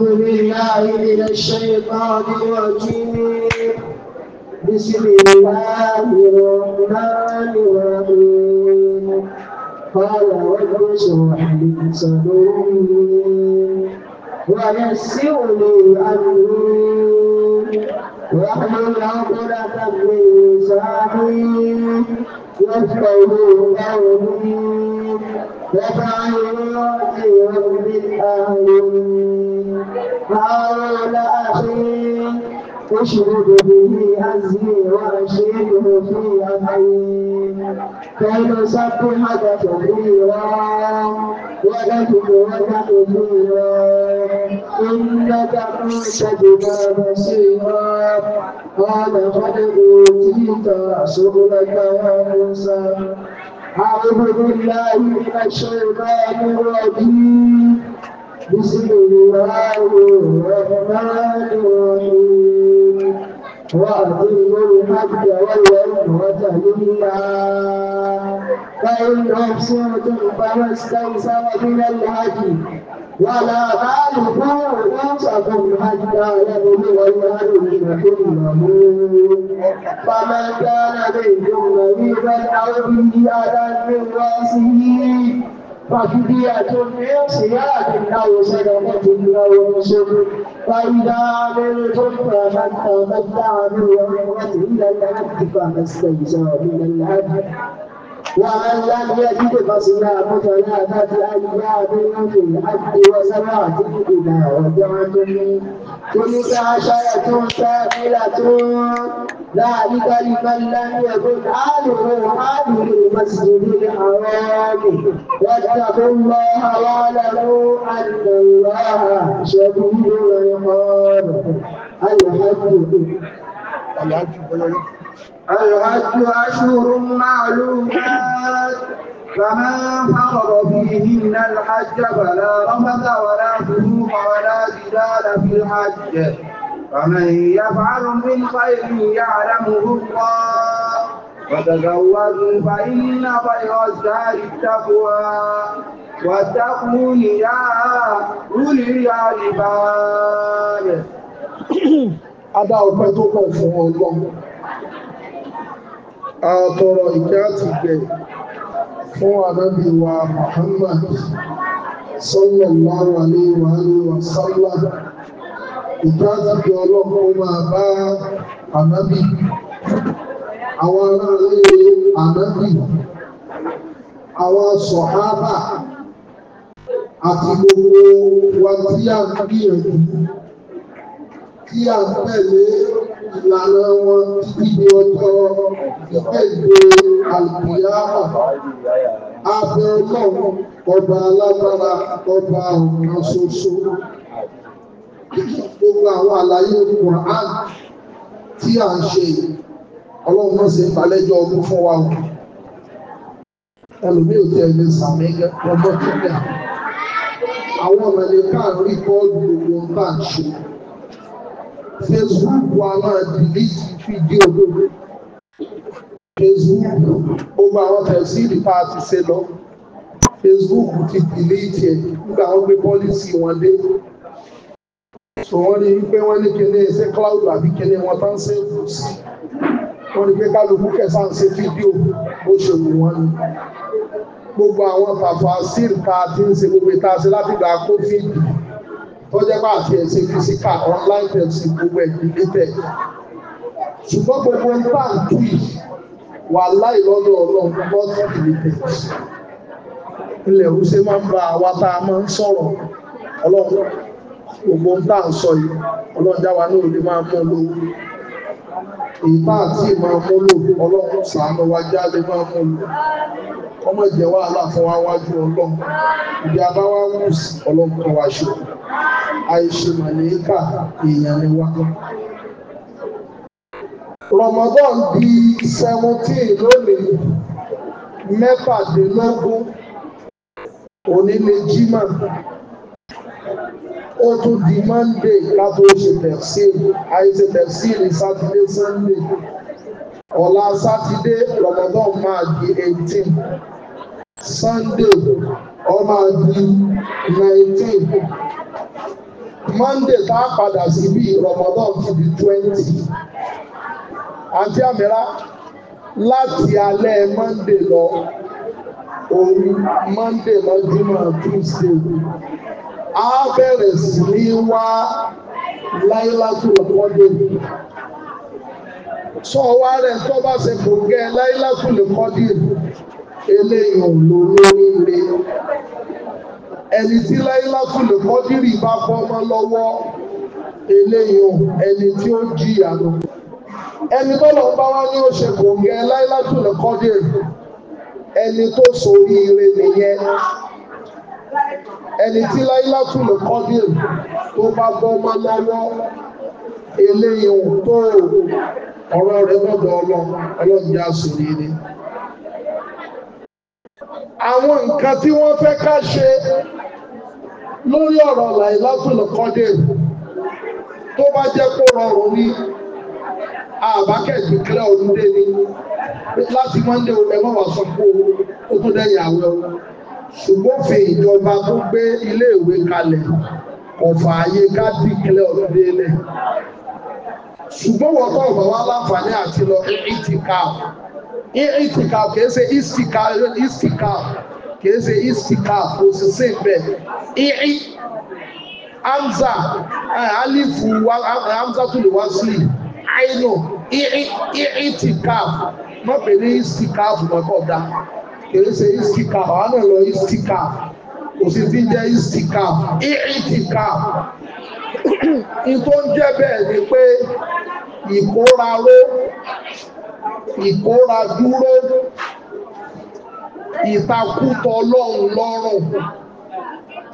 أعوذ بالله من الشيطان الرجيم بسم الله الرحمن الرحيم قال رب اشرح لي صدري ويسر لي أمري واحلل عقدة من لساني يفقه قولي وتعالى رب العالمين هارون أخي أشرب به أزمي وأشيله في أمري كي نسبحك كثيرا ونذكرك كثيرا إنك كنت بنا بصيرا قال قد أوتيت رسولك يا موسى أعوذ بالله من الشيطان الرجيم بسم الله الرحمن الرحيم وأقيموا الحج والعمرة لله فإن أحصرتم فما استيسر من الهدي ولا تعرفوا رؤوسكم حتى يبلغ الهدي حلمه فمن كان منكم مريضا أو به أذى من رأسه رجلية من صياد أو صدقة أو نسك فإذا عملتم فمن تمتع بالعمرة إلى الحد فما استيسر من الحد ومن لم يجد فصيام ثلاثة أيام في الحج وسبعة إذا رجعتم تلك عشرة كاملة ذلك لمن لم يكن أهله أهل المسجد الحرام واتقوا الله واعلموا أن الله شديد العقاب الحج الحج الحج أشهر معلومات فمن فرض فيهن الحج فلا رفث ولا فسوق ولا جدال في الحج فمن يفعل من خير يعلمه الله وتزودوا فإن خير الزاد التقوى واتقون يا أولي الألباب Adá ọpẹ́ tó pọ̀ fún ọgbọ́n. Àtọ̀rọ̀ ìkẹ́ àti ìgbẹ̀yìn fún ànábì wa Muhammad sallallahu alaihi wa alihi wa sallam ìtàzìkì ọlọ́pọ̀ máa bá ànábì àwọn aráàlú ànábì àwọn sọ̀hábà àti gbogbo wa tí a ń gbìyànjú tí à ń tẹ̀lé ìlànà wọn títí di ọjọ́ ìkẹ́gbé àlùkùyáàmà. Abẹ ọlọ́run ọba alágbára ọba ọ̀kan ṣoṣo. Gbogbo àwọn àlàyé Quran tí à ń ṣe ọlọ́run náà ṣe ìbálẹ́jọ́ ọdún fún wa. Ẹlòmí ò tẹ̀ lé sàmì ọgbọ́n tó dà. Àwọn ọmọ ẹni káàárín kọ́ọ̀dù gbogbo ń bá ń ṣe. Facebook wa máa dìlítì fídíò gbogbo Facebook gbogbo àwọn tẹ̀síìlì tá a ti ṣe lọ Facebook ti dìlítì ẹ̀ nígbà wọ́n gbé pọ́lísì wọn dé so wọ́n rí wípé wọ́n ní kíní ṣe cloud àbí kíní wọn tán ṣe é vous sí wọ́n rí pé kálukú kẹsàn ṣe fídíò bó ṣe wù wọ́n ni gbogbo àwọn tàfà sílì tá a ti ń ṣe gbogbo ìta ṣe láti gbà kófíìdì tó jẹ́ pé àti ẹ̀sìn physical online testing gbogbo ẹ̀ related ṣùgbọ́n gbogbo ìgbà ń tù yìí wà láì lọ́dọ̀ ọlọ́run lọ́dún related ilẹ̀ òṣè máa ń bá àwa tá a máa ń sọ̀rọ̀ ọlọ́run gbogbo ń tà ń sọ yìí ọlọ́run jáwa náà lè máa mú un lówó ìbá àti ìmọ̀ ọmọlò ọlọ́run sàánú wa jáde máa mú lò ọmọ ìjẹ́ wàhálà fún wa wájú ọlọ́run ìdí abáwá wù sí ọlọ́run kan wá ṣe àìṣe màlẹ́kà èèyàn ni wá. Ramadan di seventeen lónìí mẹ́fàdínlógún òní ni jimá ó tún di monday ká tó ṣe tẹ̀síìl àìṣe tẹ̀síìl sátidé sunday ọ̀la sátidé ramadan máa di eighteen sunday ó máa di nineteen monday tá a padà sí bí ramadan ti di twenty àti àmìlá láti alẹ́ monday lọ òun monday mọ́júmọ́ tuesday á bẹ̀rẹ̀ sí ní wá láíláṣù lọ́kọ́dé sọ wá rẹ̀ tó bá ṣe kò gẹ́ láíláṣù lọ́kọ́dé eléyìí ò lò lórí rẹ̀ ẹni tí láíláṣù lọ́kọ́dé rí bá fọmọ lọ́wọ́ eléyìí ò ẹni tí ó jìyà lọ ẹni tó lọ bá wá ní ó ṣe kò gẹ́ láíláṣù lọ́kọ́dé ẹni tó so ire nìyẹn ẹni tí láíláàtù lè kọ́ bí tó bá bọ́ máa lọ́wọ́ eléyìí tó ọ̀rọ̀ rẹ̀ gbọ́dọ̀ ọlọ́run yá sórí ni. àwọn nǹkan tí wọ́n fẹ́ ká ṣe lórí ọ̀rọ̀ láíláàtù lè kọ́ dé tó bá jẹ́ kó rọrùn ní àbákẹ́ẹ̀tì kílẹ̀ ọdún dé ní láti mọ́ndé ẹgbẹ́ wà sọ pé ó tún dẹ́yìn àwẹ̀ ọ̀rọ̀ ṣùgbọ́n fi ìjọba tó gbé iléèwé kalẹ̀ kò fààyè ká dìklẹ̀ ọ̀rọ̀ délẹ̀ ṣùgbọ́n wọ́n tọ́ ọ̀bà wá láǹfààní àti lọ itikaf itikaf kìí ṣe itikaf kìí ṣe itikaf kò sì sí ìbẹ̀ ìrì amza alifu hamza tó lè wá sí àìnù itikaf mọ̀ pé ní itikaf mọ̀kọ́ dáa kìí ṣe istikap àwọn náà lọ istikap kò sí ti ń jẹ́ istikap itikap ìtò ń jẹ́ bẹ́ẹ̀ ni pé ìkóraró ìkóradúró ìtakùtọ̀ lọ́rùn lọ́rùn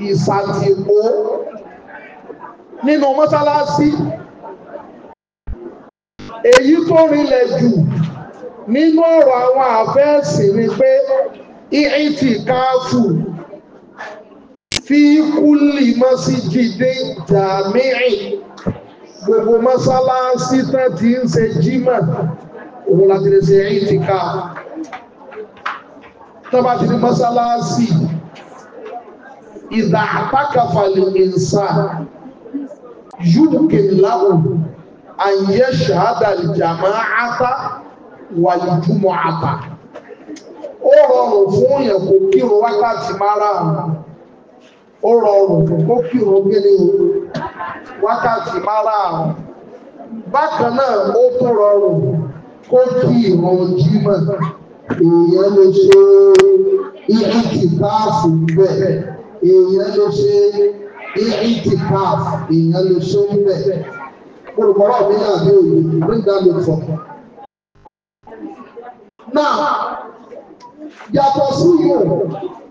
ìsàtìpó nínú mọ́sálásí èyí tó rinlẹ̀ jù nínú ọ̀rọ̀ àwọn àfẹ́ẹ̀sì ni pé ìrìtì káàfù fi kúlì mọ́síjìdé jàmíì gbogbo mọ́sálásí tán ti ń ṣe jímọ̀ òun láti lè ṣe ìrìtì káàfù tó bá ti ní mọ́sálásí ìdá àtàkàfàlì ìsà yúkè láwùn àyẹ́ṣàádà jàmáà wàlùjúmọ̀ àbà ó rọrùn fún yẹn kò kírun wákàtí márààrún ó rọrùn fún kó kírun gbélé wákàtí márààrún bákan náà ó tún rọrùn kó kí ìrun jímọ̀ èèyàn lè ṣe ìtìkáàfù bẹ́ẹ̀ èèyàn lè ṣe ìtìkáàfù èèyàn lè ṣe ń olùkọ́rọ̀ mi náà ní òye bring down the phone. Now, yàtọ̀ sí yìí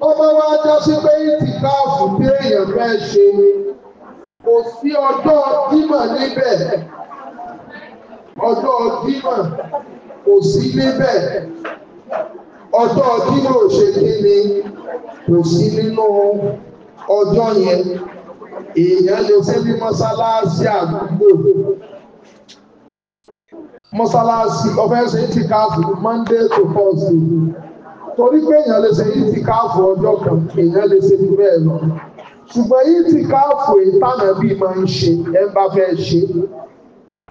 ọmọ wa já sí pé ìtì káàfù bí èèyàn fẹ́ ṣe kò sí ọjọ́ dímọ̀ níbẹ̀ ọjọ́ dímọ̀ kò sí níbẹ̀ ọjọ́ dímọ̀ ò ṣe kí ni kò sí nínú ọjọ́ yẹn èèyàn lè ṣe bí mọ́sálásí àdúgbò mọ́sálásí ọ̀fẹ́ ṣe ìtìkáàfù monday to thursday torí pé èèyàn lè ṣe ìtìkáàfù ọjọ́ kan èèyàn lè ṣe jù bẹ́ẹ̀ lọ ṣùgbọ́n ìtìkáàfù ìtànà bíi máa ń ṣe ẹ bá fẹ́ ṣe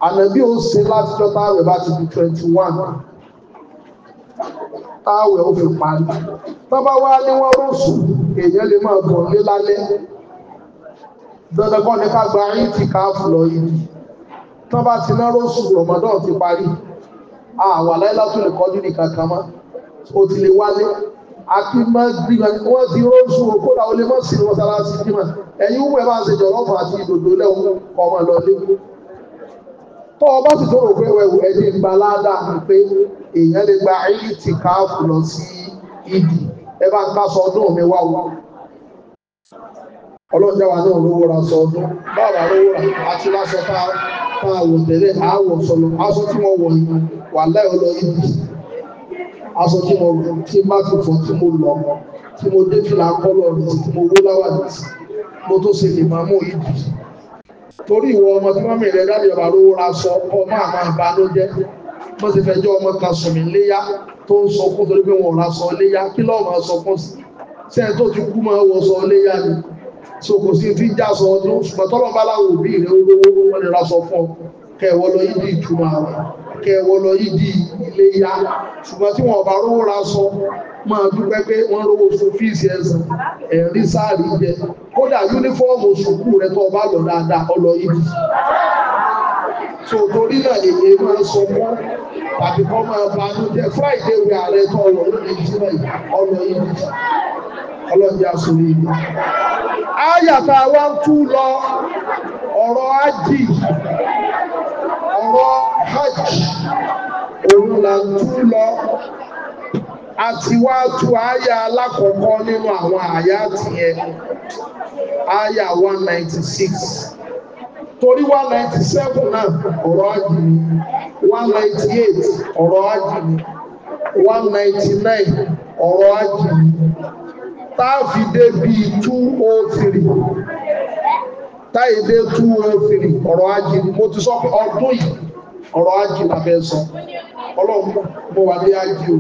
ànàbí ó ṣe láti jọ́ta rẹ̀ bá ti di twenty one táwẹ̀ ó fi parí tọ́ba wá ní wọ́n rò sùn èèyàn lè máa bọ̀ ní lálẹ́ dandan kọ́ ni ká gba ìtìkáàfù lọ yìí tán bá ti ná róṣù rọmọdán ti parí àwọn aláìlátò lè kọjú ní kankan mọ́ o ti lè wálé àti máa gbí wọn ti róṣù kódà o lè mọ̀ sí mọ́sálásí bímọ ẹ̀yin wúwo ẹ̀ máa ṣe jọ̀lọ́fù àti ìdòdó lẹ́wọ̀n ọmọ lọ́lé tó o bá sì tó rò pé wẹ̀wù ẹni ń balada pé èèyàn lè gba ẹ̀yìn ti káàfù lọ sí ìdì ẹ bá ń ká sọ ọdún mi wá wá ọlọ́jọ́wà náà lówó ra sọ ọdún báwa lówó ra àti láṣọ tá a wò tẹ́lẹ̀ àwọ̀ sọ̀lọ̀ aṣọ tí wọ́n wọ̀ yìí wà láì ọlọ ibi aṣọ tí wọ́n wọ̀ tí má fi fọ̀ tí mo lọ tí mo dé fìlà kọ́lọ̀ rẹ̀ tí mo wó láwà rẹ̀ mo tó ṣe lè máa mú ibi torí ìwọ ọmọ tí wọ́n mìíràn dáadé ọba lówó ra sọ ọkọ máa máa bá ló jẹ́ wọ́n ti fẹjọ́ ọmọ kan sùn mí léyá tó ń sọkún torí pé wọ́n ra sọ léyá kí lọ́ọ̀ máa sọkún sí sẹ́ẹ̀ tó ti kú máa wọ sọ léyá ni so kò sí ti já sọ ọdún ṣùgbọ́n tọ́lọ́ bá láwọn òbí rẹ̀ olówó wọn lè ra sọ fún ọ kẹwọ́ lọ yìí di ìtumọ̀ àwẹ̀ kẹwọ́ lọ yìí di ilé yá ṣùgbọ́n tí wọn bá rówó ra sọ máa dúpẹ́ pé wọ́n rówó sun fíìsì ẹ̀sán ẹ̀rí sáàrí jẹ kódà yúnífọ́ọ̀mù sùkú rẹ tó bá lọ dáadáa ọlọ yìí so torí náà èyí máa sọ mọ́ tàbí kọ́ máa banú jẹ Friday wẹ̀ ààrẹ ọlọ́jà sórí ìlú. Áyàtà wa ń tú lọ ọ̀rọ̀ ájì, ọ̀rọ̀ hajj, òun là ń tú lọ. A ti wá tú àyà alákọ̀ọ́kọ́ nínú àwọn àyà tiẹ̀, àyà 196 torí 197 náà ọ̀rọ̀ ajì ni 198 ọ̀rọ̀ ajì ni 199 ọ̀rọ̀ ajì ni táàfi dé bí 203 o 203 ọ̀rọ̀ ajé mo ti sọ pé ọdún yìí ọ̀rọ̀ ajé làbẹ́ sọ ọlọ́run mo wà ní ajé òkú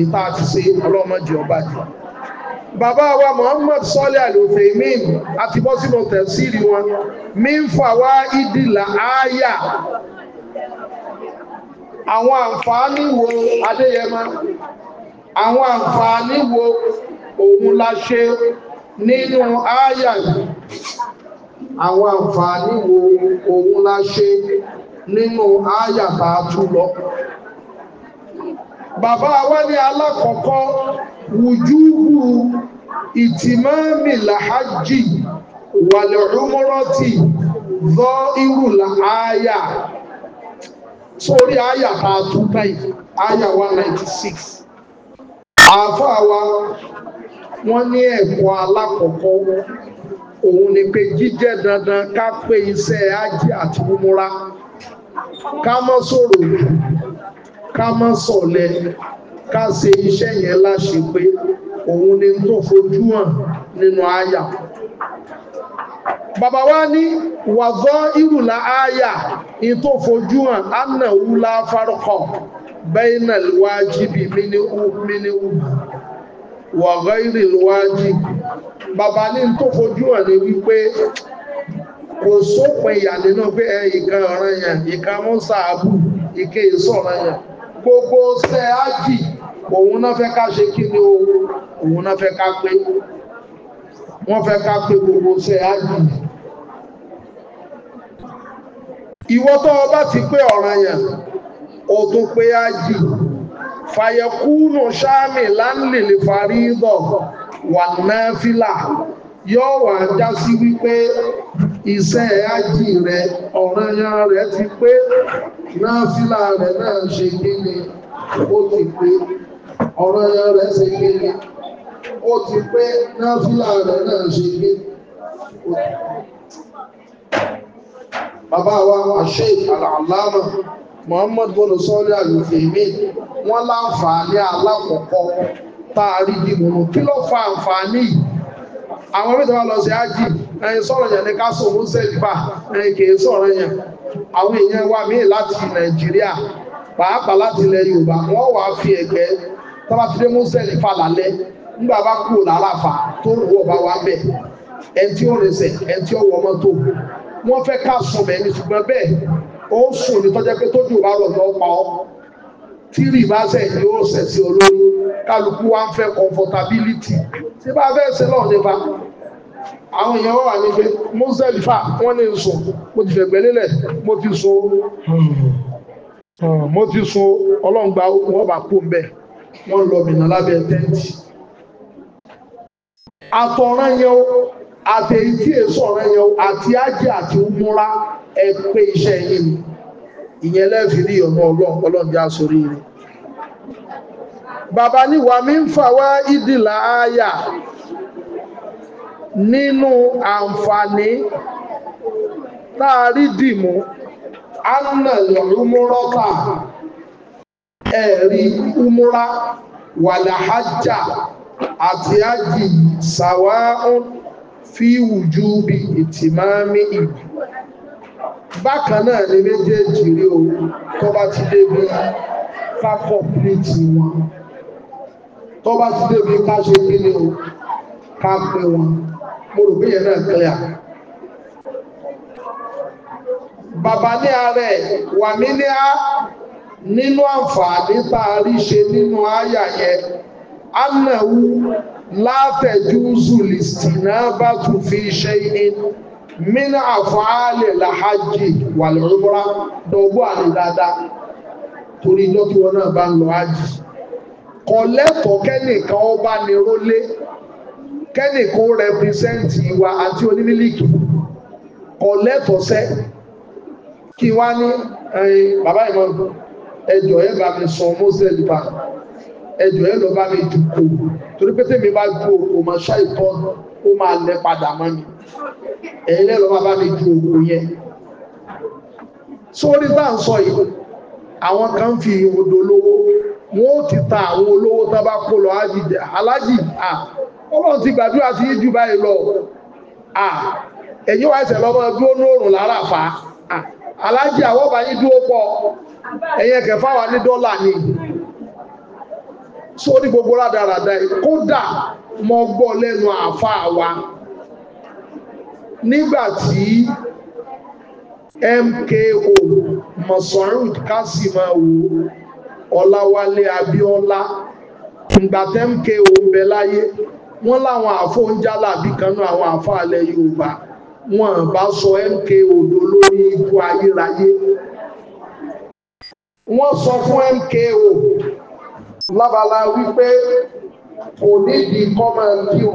ìta àti ṣe ọlọ́mọdé ọba jù bàbá wa Muhammad sọ́lẹ̀ àlòfẹ́ min àti bọ́ sínú tẹ̀síìrì wọn min fà wá ìdìlà ááyà àwọn àǹfààní wo Adéyẹmọ àwọn àǹfààní wo òun la ṣe nínú àyà àwọn àǹfààní wo òun la ṣe nínú àyà bá tú lọ bàbá wa ní alákọ̀ọ́kọ́ wùjúbù ìtìmọ́mì làhájì wàlẹ̀rúmọ́rọ́tì zọ irú làáyà sórí àyà bá tú báyìí àyà 196 àáfàá wa wọ́n ní ẹ̀kọ́ alákọ̀ọ́kọ́ òun ni pé jíjẹ́ dandan ká pé iṣẹ́ ájì àti múra ká mọ́ sọ̀rọ̀ ká mọ́ sọ̀lẹ̀ ká ṣe iṣẹ́ yẹn láṣẹ pé òun ni tó fojú hàn nínú àyà bàbá wa ní wàzọ́ ìrùlá àyà ní hàn ánà wúlá fárọ́kọ̀ بين الواجب منه منه وغير الواجب bàbá ní tó fojú hàn ní wípé kò sópin ìyà nínú pé ẹ ìkan ọ̀ràn yẹn ìkan mú sàábù ìké ìsọ̀ràn yẹn gbogbo ṣe ájì òun náà fẹ́ ká ṣe kí ni òun náà fẹ́ ká pé wọ́n fẹ́ ká pé gbogbo ṣe ájì ìwọ tó ti pé ọ̀ràn yẹn ó tún pé ájì fàyẹ̀kúnù sáàmì láńlèlè farídọ̀ wà náà fílà yóò wà já sí wípé iṣẹ́ ájì rẹ̀ ọ̀ranyàn rẹ̀ ti pé náà fílà rẹ̀ náà ṣe kíni ti pé ọ̀ranyàn rẹ̀ ṣe kíni ó ti pé náà fílà rẹ̀ náà ṣe kíni bàbá wa àṣẹ àlàlámà Muhammad bọ́lọ̀ sọ́ọ́lì àlùfèémì wọ́n láǹfààní alákọ̀ọ́kọ́ tá a rí bí mọ̀mọ́ kí ló fa àǹfààní yìí àwọn orí ìjọba lọ sí ájì ẹ̀yìn sọ̀rọ̀ yẹn ní ká sọ òun sẹ́dìbà ẹ̀yìn kì í sọ̀rọ̀ yẹn àwọn èèyàn wa míì láti Nàìjíríà pàápàá láti ilẹ̀ Yorùbá wọ́n wàá fi ẹ̀gbẹ́ tọ́ba ti dé mọ́sẹ̀lì fà lálẹ́ nígbà bá kúrò lálàfà tó rú ọba wa bẹ̀ ẹ̀ntì òrìṣẹ̀ ẹ̀ntì ọwọ́ mọ́tò wọ́n fẹ́ ká sùn mẹ́ni ṣùgbọ́n bẹ́ẹ̀ ó sùn ní tọ́jẹ́ pé tójú bá rọ̀ lọ́ pa ọ́ tírì bá sẹ̀ yóò sẹ̀ sí olórí kálukú wa ń fẹ́ comfortability tí bá fẹ́ ṣe lọ́ọ̀ nípa àwọn èèyàn wà ní pé mọ́sẹ̀lífà wọ́n ní sùn mo ti fẹ̀gbẹ́ lélẹ̀ mo ti sùn hmm. Hmm, mo ti sùn ọlọ́ngbà wọ́n bá kú mbẹ́ wọ́n lọ mìíràn lábẹ́ tẹ́ǹtì àtọ̀ràn yẹn o àtẹ̀yìntì èso ọ̀ràn yẹn o àti ájẹ́ àti múra ẹ pé iṣẹ́ mi ni ìyẹn lẹ́ẹ̀fì rí ọ̀nà ọlọ́run ọlọ́run já sórí rẹ̀ bàbá ní wà mí ń fà wá ìdìlà àyà nínú àǹfààní táàrí dìmú ánàlẹ̀ umúrọ́ta ẹ̀rí umúra wàlàhájà àti ájì sàwáhùn fi wùjú bí ìtìmáàmì ìlú bákan náà ni méjèèjì rí o tó bá ti débi ká kọ̀pìlìtì wọn tó bá ti débi ká ṣe kí ni o ká pé wọn mo rò pé yẹn náà clear. bàbá ní ààrẹ wà mí ní á nínú àǹfààní tá a rí ṣe nínú àyà yẹn anahu látẹ̀jú zùlìsì náà bá tún fi ṣe inú mina àfàálẹ̀ làhájì wà lọ́rọ́bọ́rá dọ̀gbọ́ àlè dáadáa torí ijọ́ tí wọn náà bá ń lọ ájì kò kẹ́nìkan ó bá ní rólé kẹ́nìkan ó rẹpírẹsẹ́ǹtì wa àti onímílíkì kò lẹ́tọ̀ọ́ sẹ́ kí wá ní bàbá ìmọ̀ ẹjọ́ ẹ bá mi sọ mọ́sẹ̀lì bá ẹjọ́ ẹ lọ bá mi dùkọ̀ torí pété mi bá gbó o máa ṣá ìtọ́ ó máa lẹ padà mọ́ mi ẹ̀yìn lẹ́lọ́ bá mi ju ogun yẹn sórí bá ń sọ yìí àwọn kan fi odò lówó wọn ó ti ta àwọn olówó tán bá kó lọ alájì à ọlọ́run ti gbàdúrà sí jù báyìí lọ à ẹ̀yìn wá ẹsẹ̀ lọ́mọ dúró ní òrùn lára fa alájì àwọn ọba yìí dúró pọ̀ ẹ̀yìn ẹ̀kẹ́ fáwa ní dọ́là ni sórí gbogbo rádaràda kódà mọ́ gbọ́ lẹ́nu àáfàá wa nígbàtí MKO Masarud Kasimawo Ọláwálé Abíọ́lá ìgbàtẹ́ MKO ń bẹ láyé wọ́n láwọn àfọ́ oúnjálà bí kanú àwọn àfọ́ alẹ́ Yorùbá wọn bá sọ MKO dó lórí ipò ayérayé wọ́n sọ fún MKO lábala wípé kò nídìí kọ́mọ̀ kí o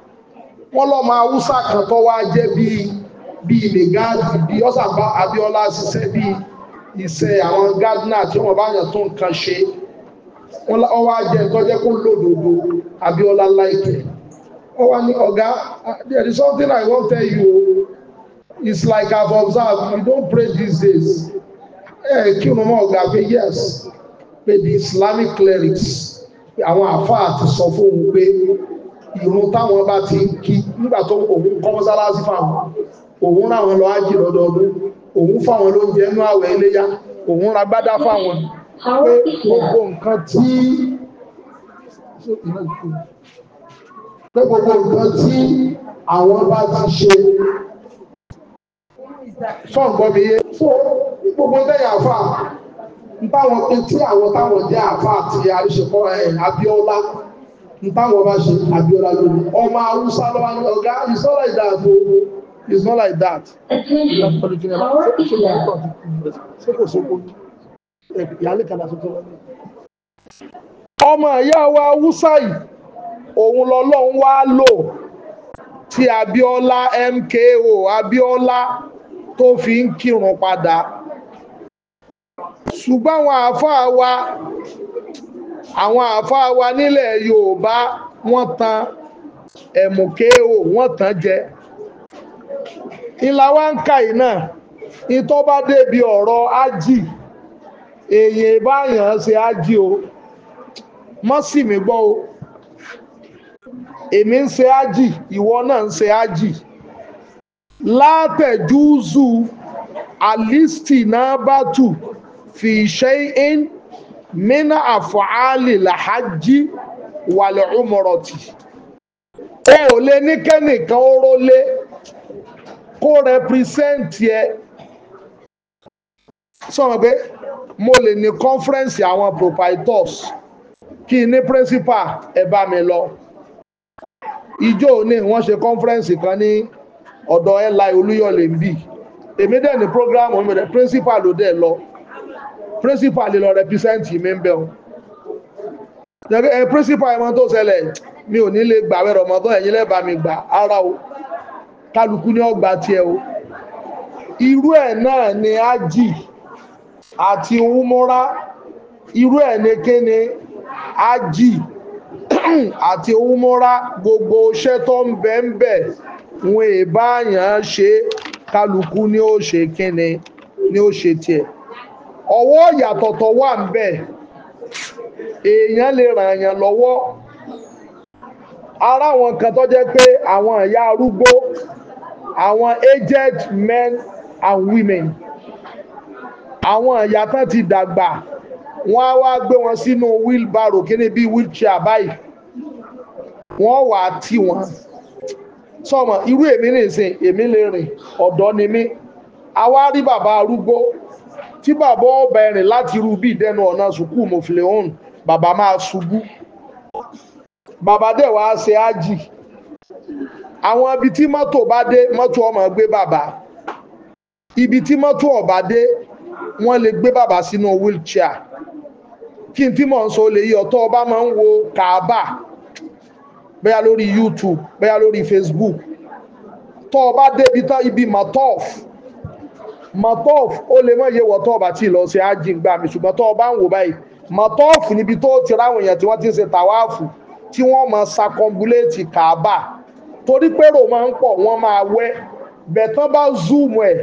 wọ́n lọ́mọ haúsá kan tó wá jẹ́ bíi bíi mẹgáàdì bíi ọ̀sàbá abíọ́lá ṣiṣẹ́ bíi iṣẹ́ àwọn gádínà tí wọ́n bá yàn tó nǹkan ṣe wọ́n wá jẹ́ tó jẹ́ kó lòdòdó abíọ́lá láìpẹ́ ó wá ní ọ̀gá there is something I wan tell you it's like I've observed you don't pray these days ẹ kí n mọ ọ̀gá pé yes pé the Islamic clerics àwọn àfáà ti sọ fóun pé ìrun táwọn bá ti kí nígbà tó òun kọ́ mọ́sálásí fáwọn òun ráwọn lọ ájì lọ́dọọdún òun fáwọn lóúnjẹ inú àwẹ̀ iléyá òun ra gbádá fáwọn pé gbogbo nǹkan tí pé gbogbo nǹkan tí àwọn bá ti ṣe fọ́ǹgbọ́ mi yé gbogbo tẹ́yà fà ń báwọn pé tí àwọn táwọn jẹ́ àfà àti àríṣekọ́ ẹ̀ Abíọ́lá ntáwọn bá ṣe Abíọ́lá lórí ọmọ Haúsá lọ́wọ́ ní ọ̀gá it's not like that o it's not like that. ọmọ ìyá wa Haúsá yìí òun lọ́lọ́run wá lò MKO abiola tó fi ń kírun padà ṣùgbọ́n àwọn àáfàá wa àwọn àáfàá wa nílẹ̀ Yorùbá wọ́n tan ẹ̀mùkéò wọ́n tàn jẹ ìlà wa ń kà yìí náà ìtọ́ bá débi ọ̀rọ̀ ájì èèyàn ìbáyàn ṣe ájì o mọ́ sì mí gbọ́ o èmi ń ṣe ájì ìwọ náà ń ṣe ájì látẹ̀júzù alisti náà fi ṣe in mina àfọ̀álì làhájí wàlẹ̀ ọmọrọ̀tì o ò lè ní kẹ́nìkan ó rólé kó rẹpírísẹ́ǹtì ẹ sọ̀rọ̀ pé mo lè ní kọ́nfẹ́rẹ́nsì àwọn proprietors kí n ní principal ẹ bá mi lọ ìjọ òní wọ́n ṣe kọ́nfẹ́rẹ́nsì kan ní ọ̀dọ̀ li olúyọ̀lẹ̀ ń bì èmi dẹ̀ ní program òmìnira principal ló dẹ̀ lọ principal lè lọ represent mi ń bẹ̀ wọn principal ẹ̀mọ́ tó ṣẹlẹ̀ mi ò ní lè gbà wẹ̀ rọ̀mọ́dọ́ ẹ̀yin lẹ́bà mi gbà ara o kálukú ní ọgbà tiẹ̀ o irú ẹ̀ náà ni ájì àti umura irú ẹ̀ ni kéne ájì àti umura gbogbo iṣẹ́ tó ń bẹ ń bẹ wọn èèbáyàn ṣe kálukú ní ó ṣe kíni ní ó ṣe tiẹ̀ ọwọ́ ìyàtọ̀ tó wà ń bẹ̀ èèyàn lè ràn yàn lọ́wọ́ ara àwọn kan tó jẹ́ pé àwọn ìyá arúgbó àwọn aged men and women àwọn ìyá tán ti dàgbà wọ́n á wá gbé wọn sínú wheelbarrow kí ni bí wheelchair báyìí wọ́n wà á tì wọ́n sọmọ irú èmi nìsín èmi lè rìn ọ̀dọ́ ni mí àwa rí bàbá arúgbó tí bàbá ọbẹ̀ rìn láti irú bí ìdẹnu ọ̀nà sùkú mọ̀fìlẹ́hùn bàbá máa ṣubú bàbá dẹ̀ wá ṣe ájì àwọn ibi tí mọ́tò bá dé mọ́tò ọmọ gbé bàbá ibi tí mọ́tò ọba dé wọ́n lè gbé bàbá sínú wheelchair kí n tí mò ń sọ lè yí ọ̀tọ̀ ọba máa ń wo kàábà bẹ́yà lórí YouTube bẹ́yà lórí Facebook tọ́ ọba débi tán ibi matof matọ́ọ̀fù ó lè mọ̀ iye wọ̀tọ́ ọba tí lọ ṣe ájì gbà mí ṣùgbọ́n tó ọba ń wò báyìí matọ́ọ̀fù níbi tó ti ráwọn èèyàn tí wọ́n ti ń ṣe tàwáàfù tí wọ́n máa sakọ́ngúléètì kàábà torí pé máa ń pọ̀ wọ́n máa wẹ́ bẹ̀tán bá zoom ẹ̀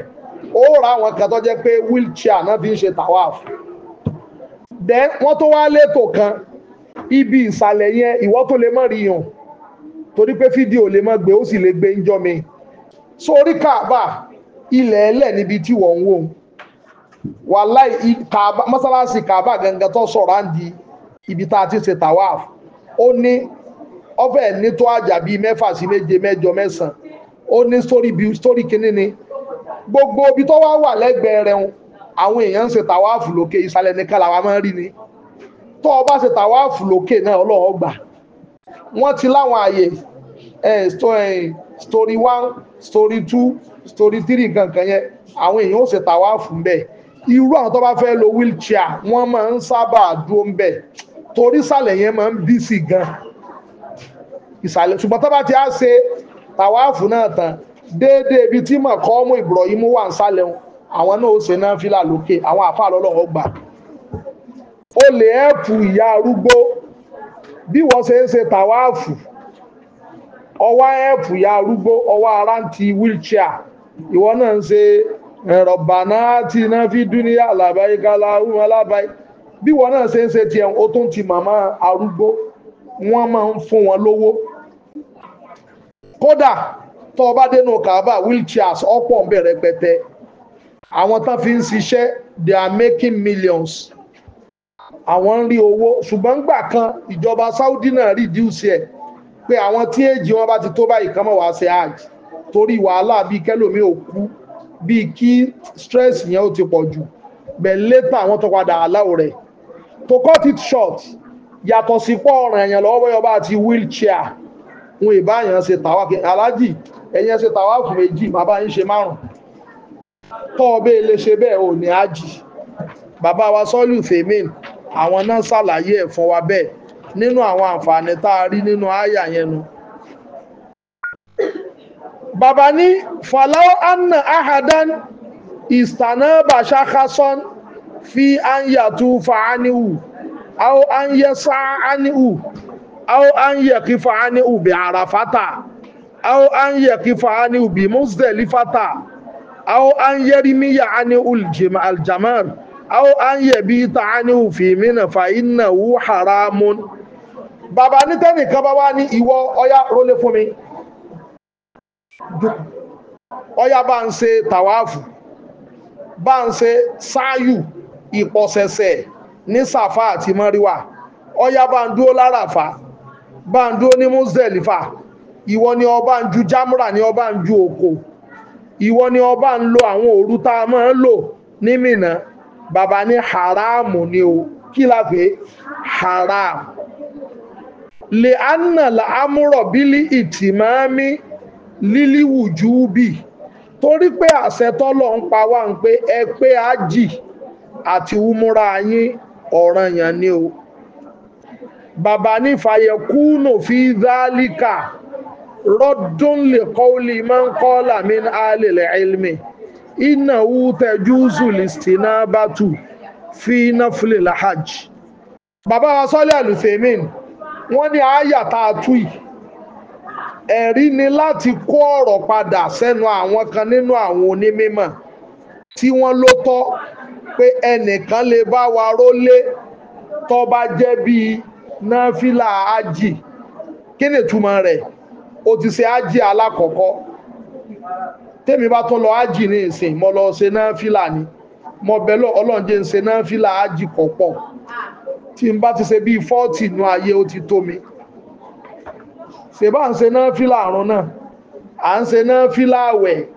ó ra àwọn kan tó jẹ́ pé wheelchair náà fi ń ṣe tàwáàfù then tó wá létò kan ibi ìsàlẹ̀ yẹn ìwọ́ tó lè mọ̀ rí yàn torí pé fídíò lè mọ̀ gbé ó sì lè gbé ń jọ mi sórí kàábà ilẹ̀ ẹlẹ̀ níbi tí wọ́n ń wò ó wàláì mọ́sálásí kàbá gangan tó sọ̀rọ̀ á ń di ibi tá a ti ṣe tawaf ó ní ọfẹ́ nítọ́ àjà bíi mẹ́fà sí méje mẹ́jọ mẹ́sàn-án ó ní sórí bíi sórí kínní ni gbogbo ibi tó wá wà lẹ́gbẹ̀ẹ́ rẹ̀ ń àwọn èèyàn ń ṣe tàwáàfù lókè ìsàlẹ̀ nìkan làwọn máa ń rí ni tó o bá ṣe tàwáàfù lókè náà ọlọ́run gbà wọ́n ti láwọn àyè story one story two story three nkankan yẹn àwọn èèyàn ó ta tàwa fún bẹ́ẹ̀ irú àwọn tó bá fẹ́ lo wheelchair wọ́n máa ń sábà dúró ń bẹ̀ torí ìsàlẹ̀ yẹn máa ń bí sí gan ìsàlẹ̀ ṣùgbọ́n tó bá ti á ṣe tàwa fún náà tán déédéé ibi tí mà kọ́ mú Ibrahim wà ń sálẹ̀ wọn àwọn náà ó ṣe náà fílà lókè àwọn àfa àlọ́lọ́wọ́ gbà ó lè ẹ̀pù ìyá arúgbó bí wọ́n ṣe ń ṣe tàwa fún ọwọ́ ẹ̀pù ìyá arúgbó ọwọ́ ara ń ti wheelchair ìwọ náà ń ṣe Rabbana atina fi dunya làbáyíká láhùn alábáyí bí ìwọ náà ṣe ń ṣe tiẹ̀ ó tún ti màmá arúgbó wọ́n máa ń fún wọn lówó kódà tó o bá dénú kàábà wheelchairs ọ̀pọ̀ ń bẹ̀rẹ̀ pẹ̀tẹ́ àwọn tán fi ń ṣiṣẹ́ they are making millions àwọn ń rí owó ṣùgbọ́n gbà kan ìjọba Saudi náà reduce ẹ̀ pé àwọn tí èjì wọn bá ti tó báyìí kan mọ̀ wá ṣe àjì torí wàhálà bíi kẹ́lòmí ò kú bíi kí stress yẹn ó ti pọ̀ jù bẹ̀ later àwọn tó padà aláwọ̀ rẹ̀ to cut it short yàtọ̀ sí pọ̀ ọ̀ràn èèyàn lọ́wọ́ bọ́yọ̀ bá ti wheelchair wọn ìbá èèyàn ṣe tàwa kí aláàjì ẹ̀yẹn ṣe tàwa fún méjì bàbá yín ṣe márùn tọ́ ọbẹ̀ ilé ṣe bẹ́ẹ̀ ò ní ájì bàbá wa sọ́lù fèmín àwọn náà ṣàlàyé ẹ̀ fún wa bẹ́ẹ̀ nínú àwọn àǹfààní tá a rí nínú àyà yẹn nu bàbá ní falaw anna ahadan istanaba shakhason fi an yatufa anihu aw an yasa anihu aw an yakifa anihu bi arafata aw an yakifa anihu bi musdelifata aw an yarimiya anihu aljamar aw an yabita anihu fi mina fa innahu haramun bàbá ní tẹ́nìkan bá wá ní ìwọ ọya rólé fún mi ọya bá ń ṣe tàwáàfù bá ń ṣe sáyù ìpọ̀sẹ̀sẹ̀ ní sàfà àti mọ́ríwà ọya bá ń dúó láràfà bá ń dúó ní musdelifa ìwọ ni ọba ń ju jámúrà ni ọba ń ju òkò ìwọ ni ọba ń lo àwọn òru tá a máa ń lò ní o kí la pè haram lè líliwùjú bì torí pé àṣẹ tọ́lọ̀ ń pa wá ń pé ẹ pé ájì àti umura yín ọ̀ranyàn ni o bàbá ní fàyẹ̀kúnù fi dálíkà rọ́dún lè kọ́ọ̀lì máa ń kọ́ọ̀là mi ní ilmi iná wú tẹjúzù lìstínà bàtù fi náfìlì làhàj bàbá wa sọ́lẹ̀ àlùfẹ́mìn wọ́n ní àyà tá a tú yìí ẹ̀rí ni láti kó ọ̀rọ̀ padà sẹ́nu àwọn kan nínú àwọn onímọ̀ tí wọ́n ló tọ́ pé ẹnìkan lè bá wa rólé tó bá jẹ́ bíi náfìlà ájì kí ni ìtumọ̀ rẹ̀ o ti ṣe ájì alákọ̀ọ́kọ́ tèmi bá tún lọ ájì ní ìsìn mo lọ ṣe náfìlà ni mo bẹ̀ lọ ọlọ́run jẹ́ ń ṣe náfìlà ájì kọ̀pọ̀ tí n bá ti ṣe bíi fọ́ọ̀tì nu ayé ó ti tó mi. ṣèbá ń ṣe náà fílà àrùn náà à ń ṣe náà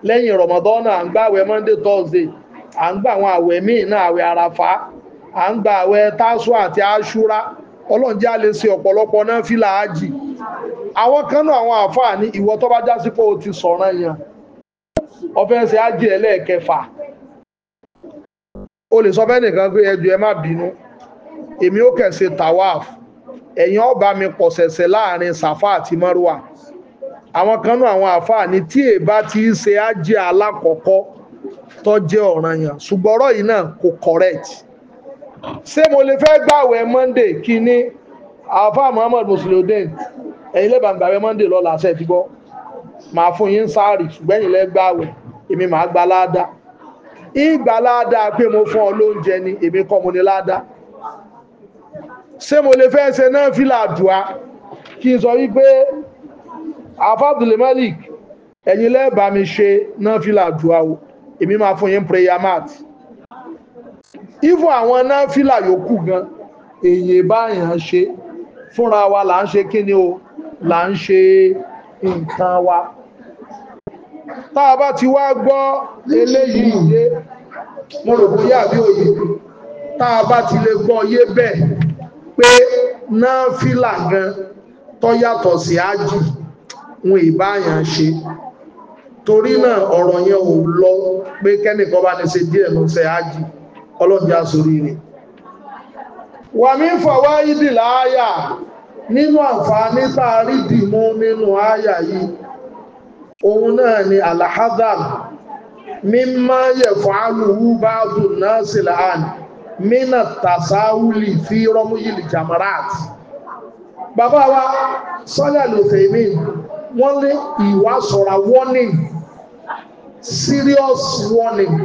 lẹ́yìn Ramadan náà à ń gba Monday Thursday à ń gba àwọn àwẹ̀ míì náà àwẹ̀ àràfà à ń gba àwẹ̀ tásù àti àṣúra ọlọ́run a lè se ọ̀pọ̀lọpọ̀ náà fílà ájì àwọn kan náà àwọn àfáà ní ìwọ tó bá já sí pé o ti yẹn ẹlẹ́ẹ̀kẹfà o lè sọ ẹ̀yin ọba mi pọ̀ ṣẹ̀ṣẹ̀ láàrin Safa àti Marwa àwọn kan náà àwọn àfáà ní tí èèbá ti ń ṣe ájì alákọ̀ọ́kọ́ tó jẹ́ ọ̀ranyàn ṣùgbọ́n ọ̀rọ̀ yìí náà kò correct ṣé mo lè fẹ́ gbàwẹ̀ Monday kí ni àfáà Muhammad Musliudeen ẹ̀yin lè bá ń gbàwẹ̀ Monday lọ́la àṣẹ ti gbọ́ màá fún yín sáàrì ṣùgbọ́n ẹ̀yin gbàwẹ̀ èmi màá gba láàdá ìgbà láàdá pé mo fún ọ lóúnjẹ ni èmi kọ́ mo ní láàdá ṣé mo lè fẹ́ ṣe náà fìlà àdùá kí n sọ wípé afábùlẹ̀ malik ẹ̀yin lẹ́ẹ̀bà mi ṣe náà fìlà àdùá o èmi máa fún yín prayer mat ifọ̀ àwọn náà fìlà yòókù gan èyí báyàn ṣe fúnra wa là ń ṣe kí ni o là ń ṣe nǹkan wa tá a bá ti wá gbọ́ eléyìí yé mo rò bóyá àbí òye tá a bá ti lè gbọ́ yé bẹ́ẹ̀ pé náfìlà gan tó yàtọ̀ sí ájì wọn ìbáyàn ṣe torí náà ọ̀rọ̀ yẹn ò lọ pé kẹ́nìkan bá ní ṣe díẹ̀ ló ṣe ájì ọlọ́jà sórí rẹ̀ wà mí fọwọ́ ìdì láàyà nínú àǹfààní tààrí dìmú nínú àyà yìí òun náà ni alahadar mímọ́ yẹ̀fọ́ alùwú bá dùn náà sí láàánì mina tasawuli fi rọmúyìlì jamarat bàbá wa sọ́lẹ̀ lòfèmí wọ́n lé ìwà sọ̀ra warning serious warning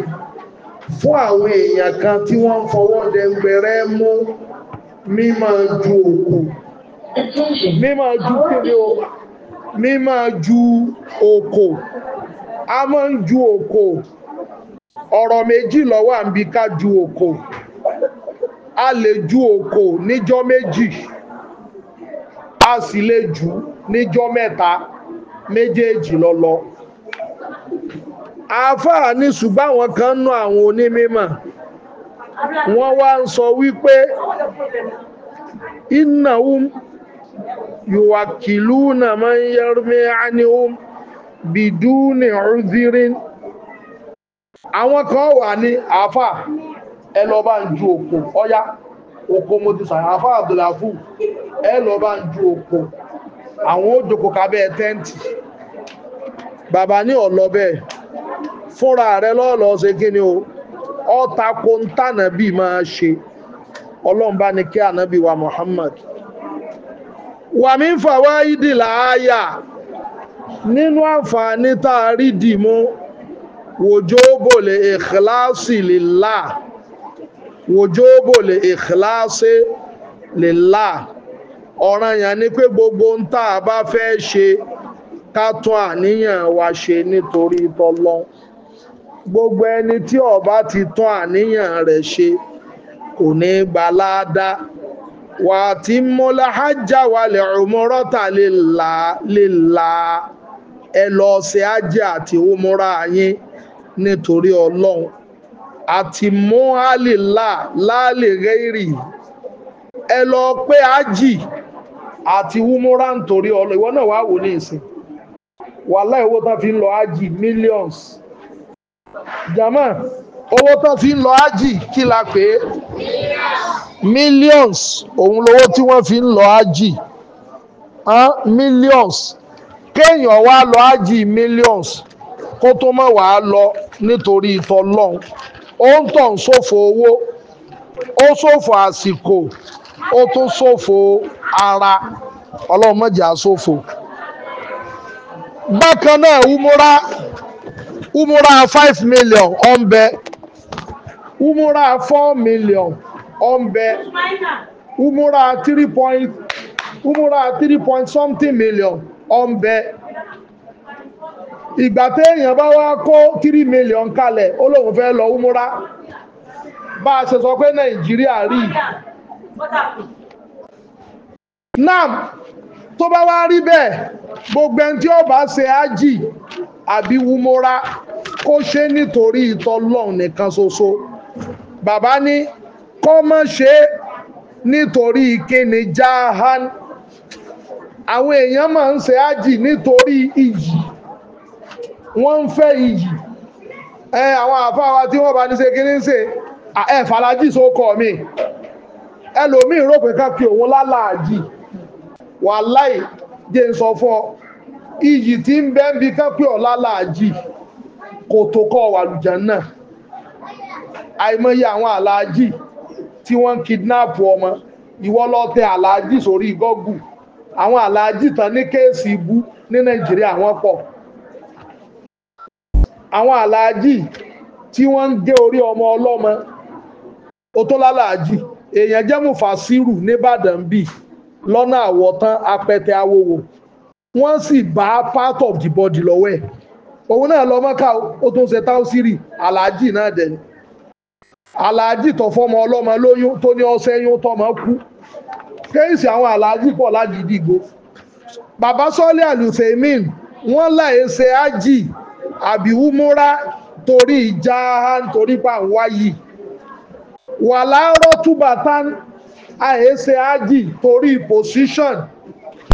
fún àwọn èèyàn kan tí wọ́n ń fọwọ́ dẹ̀gbẹ̀rẹ́ mú mímọ̀ ju òkú mímọ̀ ju kiri o mímọ̀ ju òkò a máa ń ju òkò ọ̀rọ̀ méjì ló wà ju òkò. a lè ju oko níjọ méjì a sì lè jù níjọ́ mẹ́ta méjèèjì lọ́lọ́ àáfàá ní ṣùgbọ́n àwọn kan nú àwọn onímọ̀ wọ́n wá ń sọ wípé innahum yuwakiluna man yarmi ní biduni udhirin àwọn kan wà ní àáfàá ẹ lọ bá ń ju òkò ọyá òkò mo ti sàn àfa abdulhafu ẹ lọ bá ń ju òkò àwọn ó jókòó kábẹ́ tẹ́ǹtì bàbá ní ọ̀lọ́ fúnra rẹ lọ́ọ̀lọ́ ṣe kí ni o ọ̀ta kó ń tànà bí máa ṣe ọlọ́mbá ni kí ànábì wa Muhammad wà mí fàwa ìdí làáyà nínú àǹfààní tá a rí dìmú wòjó bòlè ìkìláàsì lillah wòjóbò lè ìkìláṣe lè là ọ̀ràn yẹn ni pé gbogbo ń tà bá fẹ́ ṣe ká tún àníyàn wa ṣe nítorí tọ́lọ́ gbogbo ẹni tí ó bá ti tún àníyàn rẹ̀ ṣe kò ní gba láàdá wà á ti mọ́lá hájà wà lè ọmọrọ́ta lè là ẹ lọ ṣe hájà àti ọmọra yín nítorí ọlọ́run àti mohali la láàlè rẹ́rì ẹ lọ pé ájì àti umura nítorí ọlọ ìwọ náà wàá wò ní ìsìn wàhálà owó tán fi ń lọ ájì millions jama owó tán fi ń lọ ájì kí la pè é millions òun lowó tí wọ́n fi ń lọ ájì millions kéèyàn wá lọ ájì millions kó tó mọ̀ wàá lọ nítorí ìtọ́lọ́hún ó ń tàn ṣòfò owó ó ṣòfò àsìkò ó tún ṣòfò ara ọlọ́run má jẹ́ a ṣòfò. bákan náà umura umura five million ọ̀nbẹ umura four million ọ̀nbẹ umura three point umura three point something million ọ̀nbẹ ìgbà téèyàn bá wá kó three million kalẹ̀ ó lóun fẹ́ lọ úmúra bá a ṣe sọ pé nàìjíríà rí nam tó bá wá rí bẹ́ẹ̀ gbogbo ẹni tí ó bá ṣe ájì àbí wúmúra kó ṣe nítorí ìtọ́lọ́hún nìkan ṣoṣo bàbá ní kọ́ mọ́ ṣe nítorí kíni jahan àwọn èèyàn máa ń ṣe ájì nítorí iyì wọ́n ń fẹ́ iyì ẹ àwọn àfáà wa tí wọ́n bá ní ṣe kí ní ṣe ẹ fàlájì so kọ̀ mi ẹlòmíì rò pé káàkiri òun lálàájì wàláì jẹ́ ń sọ fún ọ iyì tí ń bẹ́ ń bi káàkiri ọ̀la làájì kò tó kọ́ wàlùjá náà àìmọye àwọn àlàájì tí wọ́n ń kidnap ọmọ ìwọ lọ tẹ àlàájì sórí gọ́gù àwọn àlàájì tán ní kéèsì ibú ní nàìjíríà wọ́n pọ̀ àwọn aláàjì tí wọ́n ń gé orí ọmọ ọlọ́mọ ó tó lálàájì èèyàn jẹ́ mufasiru nìbàdàn bì lọ́nà àwọ̀tán apẹtẹ awowó wọ́n sì bá part of the body lọ́wọ́ ẹ̀ òun náà lọ mọ́ká ó tún ṣe táwùsírì aláàjì náà dẹ̀ ni aláàjì tó fọmọ ọlọ́mọ lóyún tó ní ọsẹ́yún tọmọ kú kéèsì àwọn aláàjì pọ̀ láti dìgbò bàbá sọ́lé àlùfẹ́mìn wọ́n láì ṣe ájì àbí umura torí ìjà torí pa ń wáyì wà láàárọ̀ túbàtà àhẹsẹ ájì torí position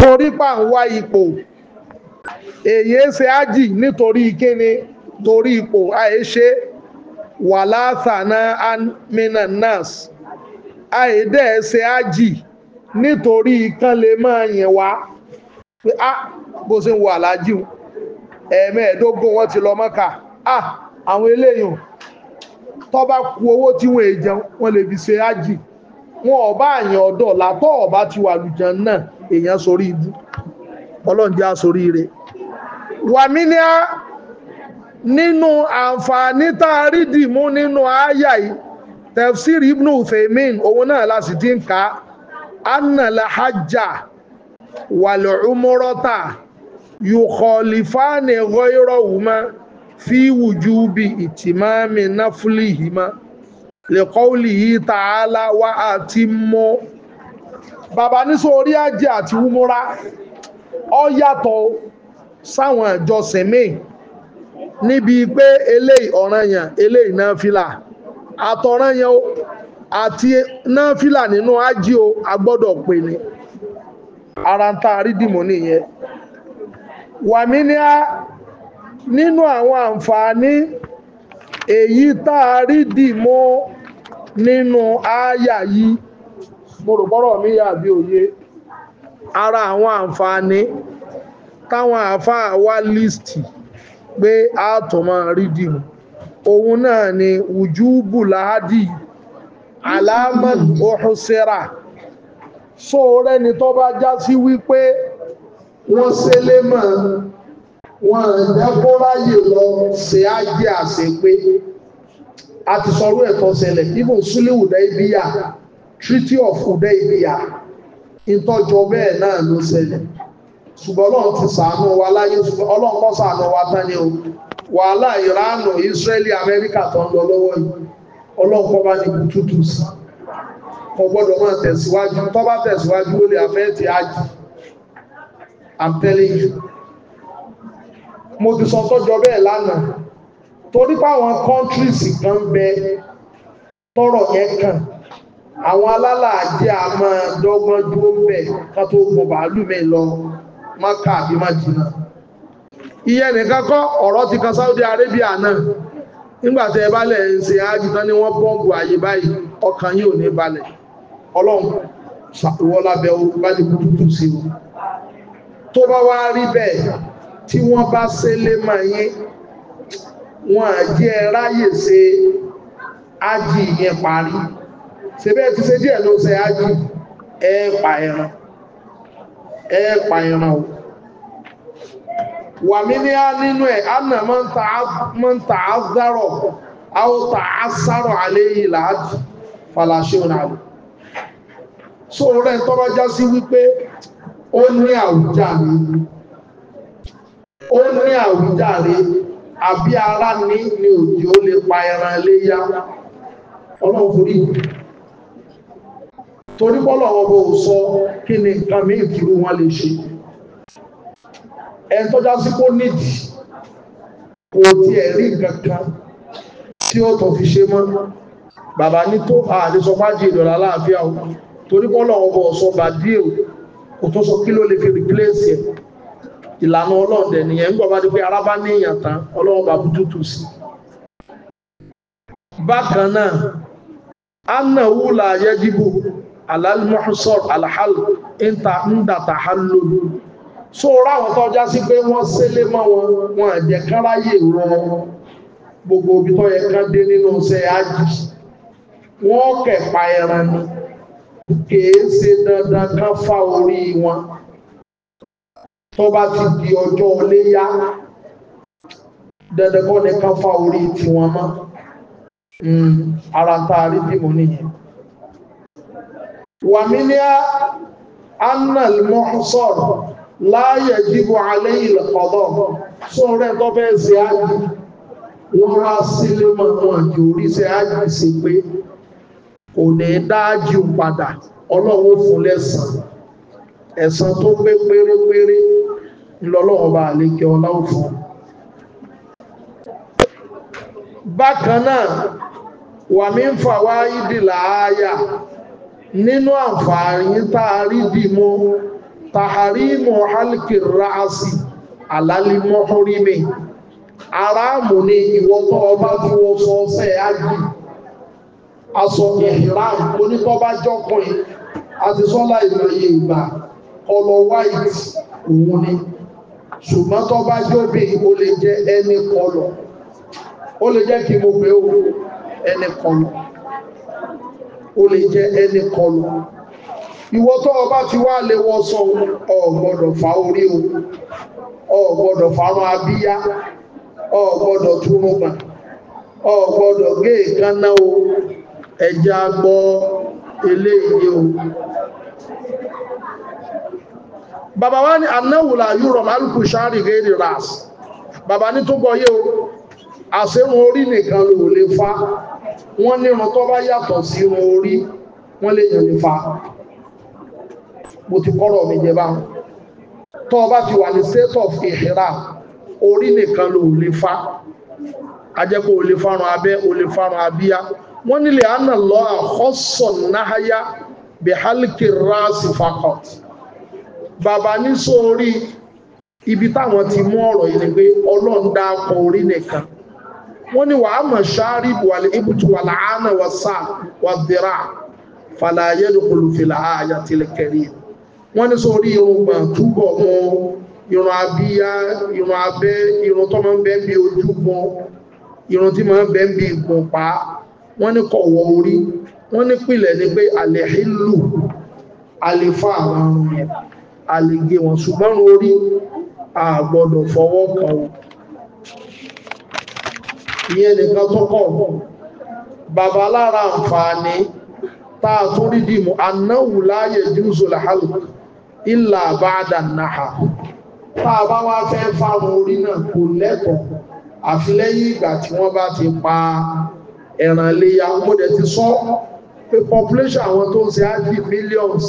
torí pa ń wá ipò èyí ṣe ájì nítorí kíni torí ipò àìṣe wà látàná mina nas àìdẹ́ ṣe ájì nítorí kan lè máa yẹn wá pé á ah, bó ṣe ń wà lájú ẹ̀ẹ́mẹ́ẹ̀ẹ́dógún wọ́n ti lọ mọ́kà ah àwọn eléyìn tó bá ku owó tí wọ́n wọ́n lè fi ṣe ájì wọn ọba àyàn ọ̀dọ̀ látọ̀ ọba ti wà lùjàn náà èèyàn sórí ibú ọlọ́run àsórí ire wàmíníà nínú àǹfààní tá a rí dìmú nínú àyà yìí tafsir ibn uthaymin òun náà láti yùkọ̀lìfáàní rọ́ìrọ̀wùmá fi wùjú bí ìtìmáàmì náfúlì hìmá lẹ́kọ́ọ̀lì yìí tààlà wá àti mọ́ bàbá nísọ orí ajé àti wúmúra ọ yàtọ̀ sáwọn ìjọsìn míì níbi pé eléyìí ọ̀ranyàn eléyìí náfìlà àtọ̀ranyàn o àti náfìlà nínú ají o a pè ní ara ń tá a nìyẹn wàmí ní á nínú àwọn àǹfààní èyí tá a rí dì mọ́ nínú àyà yìí mo rò bọ́rọ̀ mi yà bí òye ara àwọn àǹfààní táwọn àáfàá wá líìsì pé a tó máa rí dì mọ́ òun náà ni wùjúbù láhádì alámọ̀ òhùnsẹ́ra sóòrẹ́ni tó bá já sí wípé. wọ́n sẹ́lẹ̀ mọ́ wọn ẹ̀dẹ́kọ́ráyè lọ ṣe á jẹ́ àṣepé a ti sọ̀rọ̀ ẹ̀tọ́ ṣẹlẹ̀ ibùn súnlẹ̀ Hudaybiya Treaty of Hudaybiya ìtọ́jọ bẹ́ẹ̀ náà ló ṣẹlẹ̀ ṣùgbọ́n ọlọ́run ti ṣàánú wa láyé ṣùgbọ́n ọlọ́run kọ́ ṣàánú wa tán ni o wàhálà ìránù Israeli Amẹ́ríkà tó ń lọ lọ́wọ́ yìí ọlọ́run kọ́ bá ní kùtùtù sí kò gbọ́dọ̀ máa tẹ̀síwájú tó bá tẹ̀síwájú ó lè afẹ́ ti ájì I'm telling you mo ti sọ tọ́jọ́ bẹ́ẹ̀ lánàá torí pé àwọn countries kan bẹ tọrọ yẹn kàn àwọn alálàájẹ a máa dọ́gbọ́n dúró bẹ̀ ká tó gbọ́ bàálù mi lọ Mákà àbí nìkan kọ́ ọ̀rọ̀ ti kan Saudi Arabia náà nígbà tẹ́ ẹ bá lẹ̀ ń ṣe tán ni wọ́n àyè báyìí ọkàn yìí ò ní balẹ̀ Ọlọ́run ṣàtúwọ́ tó bá wá rí bẹ́ẹ̀ tí wọ́n bá sẹ́lé mọ̀ yín wọn àjẹ́ ráyè ṣe ájì yẹn parí ṣebẹ́ ti ṣe díẹ̀ ló ṣe ájì ẹ pa ẹran ẹ pa ẹran o wà mí ní á nínú ẹ̀ ánà mọ́ ń ta àzárọ̀ àwọn ta àsárọ̀ alẹ́ yìí láti fàlàṣẹ́ òun àlè so rẹ̀ tọ́ bá já sí wípé ó ní àwùjáre ó ní àwùjáre àbí ara ní ní òjì ó lè pa ẹran léyá ọlọ́run forí torí bọ́lọ̀ ọmọ ò sọ kí ni nǹkan mìí kìrú wọn lè ṣe ẹni tọ́já sí kó nídìí kò tiẹ̀ rí nǹkan tí ó tọ̀ fi ṣe mọ́ bàbá ní tó àdìsọpájì ìdọ̀lá láàfíà torí bọ́lọ̀ ọmọ ò bàdí èwò kò tó sọ fi replace ìlànà ọlọ́ọ̀dẹ nìyẹn ń pé ní èèyàn tán ọlọ́wọ́ sí bákan náà anna wúlà yẹjibù alálùmọ́sọ̀r alhal ìta ń so ra pé wọ́n sélé mọ́ wọn wọn àjẹ́ rọ gbogbo ni kìí ṣe dandan ká fá orí wọn tó bá ti di ọjọ́ léyá dandan kọ́ ni ká fá orí tiwọn mọ́ hmm, ara tá a rí bímọ nìyẹn. wàmíníà annal muhsar láàyè jíbo alẹ́ ilẹ̀ ọ̀dọ́ sóòrẹ́ tó fẹ́ ṣe ájú wọ́n wá sílé mọ́ àwọn orí ṣe ájú sí pé kò ní dáájú padà ọlọ́run fún lẹ́sàn tó pé pérépéré ọba bá fún bákan náà wà mí ń fà wá ìdìlà ayà nínú àǹfààní tààrí dìmọ́ tààrí mọ̀ hálkì ráàsì àlálìmọ́ orí mi aráàmù ọba aṣọ ìhìrán onítọ́bá jọ́kùnrin àti sọ́lá ìmọ̀ye ìgbà ọlọ white òun ni ṣùgbọ́n tó bá jóbi ó lè jẹ́ ẹni kọlọ̀ ó lè jẹ́ kí mo pé ó ẹni kọlọ̀ ó lè jẹ́ ẹni kọlọ̀ ìwọ tó o bá ti wá lè wọṣọ o gbọ́dọ̀ fá orí o o gbọ́dọ̀ fáwọn abíyá o gbọ́dọ̀ túnúgbà o gbọ́dọ̀ gé èékánná o ẹjá gbọ́ eléyìí o bàbá wá ní anáwùlà europe alùpù sáàrì gẹ́rì ras bàbá ní tó gbọ́yé o àṣẹ́rùn orí nìkan ló lè fa wọ́n nírun tó bá yàtọ̀ sí irun orí wọ́n lè yàn lè fa mo ti kọ́rọ̀ mi jẹba tó bá ti wà ní state of ìhìrà orí nìkan ló lè fa ajẹ́kọ̀ lè farun abẹ́ ò farun abíyá wọ́n nílẹ̀ àná lọ àkọ́sọ̀n náháyá bẹ̀hálìkì ráàsì fakọ̀t bàbá ní sórí ibi táwọn ti mú ọ̀rọ̀ yìí ni pé ọlọ́run dá akọ orí nìkan wọ́n ní wàá mọ̀ ṣáárì buwàlẹ̀ ibùtù wà láàánà wà sáà wà dìrà fàlàyé lùkùlùfìlà àyà tìlẹ̀kẹ̀rì wọ́n ní sórí irun gbà túbọ̀ mú irun abíyá irun abẹ́ irun tó máa ń bẹ́ẹ̀ bí ojúgbọ́n irun tí máa ń bẹ́ẹ̀ bí ìgbọ̀n pàá wọ́n ní kọ̀ wọ orí wọ́n ní pìlẹ̀ ni pé àlẹ́hìlù àlefà àwọn ọrùn yẹn àlègé wọn ṣùgbọ́n orí a gbọ́dọ̀ fọwọ́ kan o ìyẹn nìkan tó kọ̀ bàbá lára àǹfààní táà tó rí dìmú anáwù láyé jùzù làhálù ìlà àbáadà náà táà bá wá fẹ́ fáwọn orí náà kò lẹ́kọ̀ọ́ àfi lẹ́yìn ìgbà tí wọ́n bá ti pa ẹ̀ràn léyà mo dẹ̀ ti sọ pé population àwọn tó ń ṣe ájì millions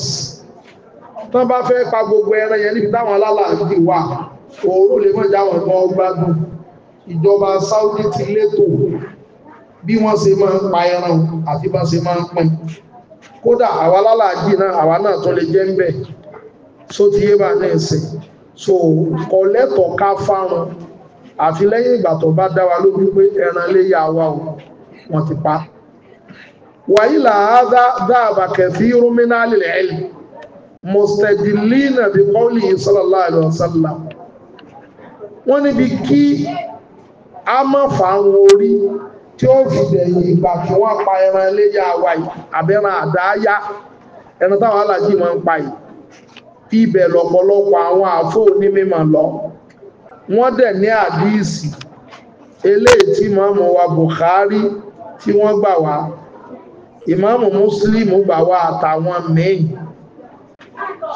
tán bá fẹ́ pa gbogbo ẹran yẹn níbi táwọn alálàájì wà òórùn lè mọ̀já àwọn ọmọ gbádùn ìjọba Saudi ti létò bí wọ́n ṣe máa ń pa ẹran àti bá ṣe máa ń pín kódà àwa alálàájì náà àwa náà tó lè jẹ́ ń bẹ̀ só ti yé bá ní ẹ̀sìn so kọ̀lẹ́tọ̀ ká fárun àfi lẹ́yìn ìgbà tó bá dá wa pé ẹran lè yà wá o wọ́n ti pa wàyílà áádá dáàbà kẹfì rúmínà lílẹ̀ ẹ̀lì mustadilina bí kọ́ọ̀lì sallallahu alaihi wasallam wọ́n níbi kí a má fa àwọn orí tí ó fi dẹ̀yìn ìgbà tí wọ́n pa ẹran iléyà wa yìí àbẹ́ran àdáyá ẹran táwọn alájí ibẹ̀ lọ́pọ̀lọpọ̀ àwọn àfó onímọ̀ lọ wọ́n dẹ̀ ní àdíìsì eléyìí tí màmú wa Bukhari tí wọ́n gbà wá ìmáàmù Muslim gbà wá àtàwọn mẹ́yìn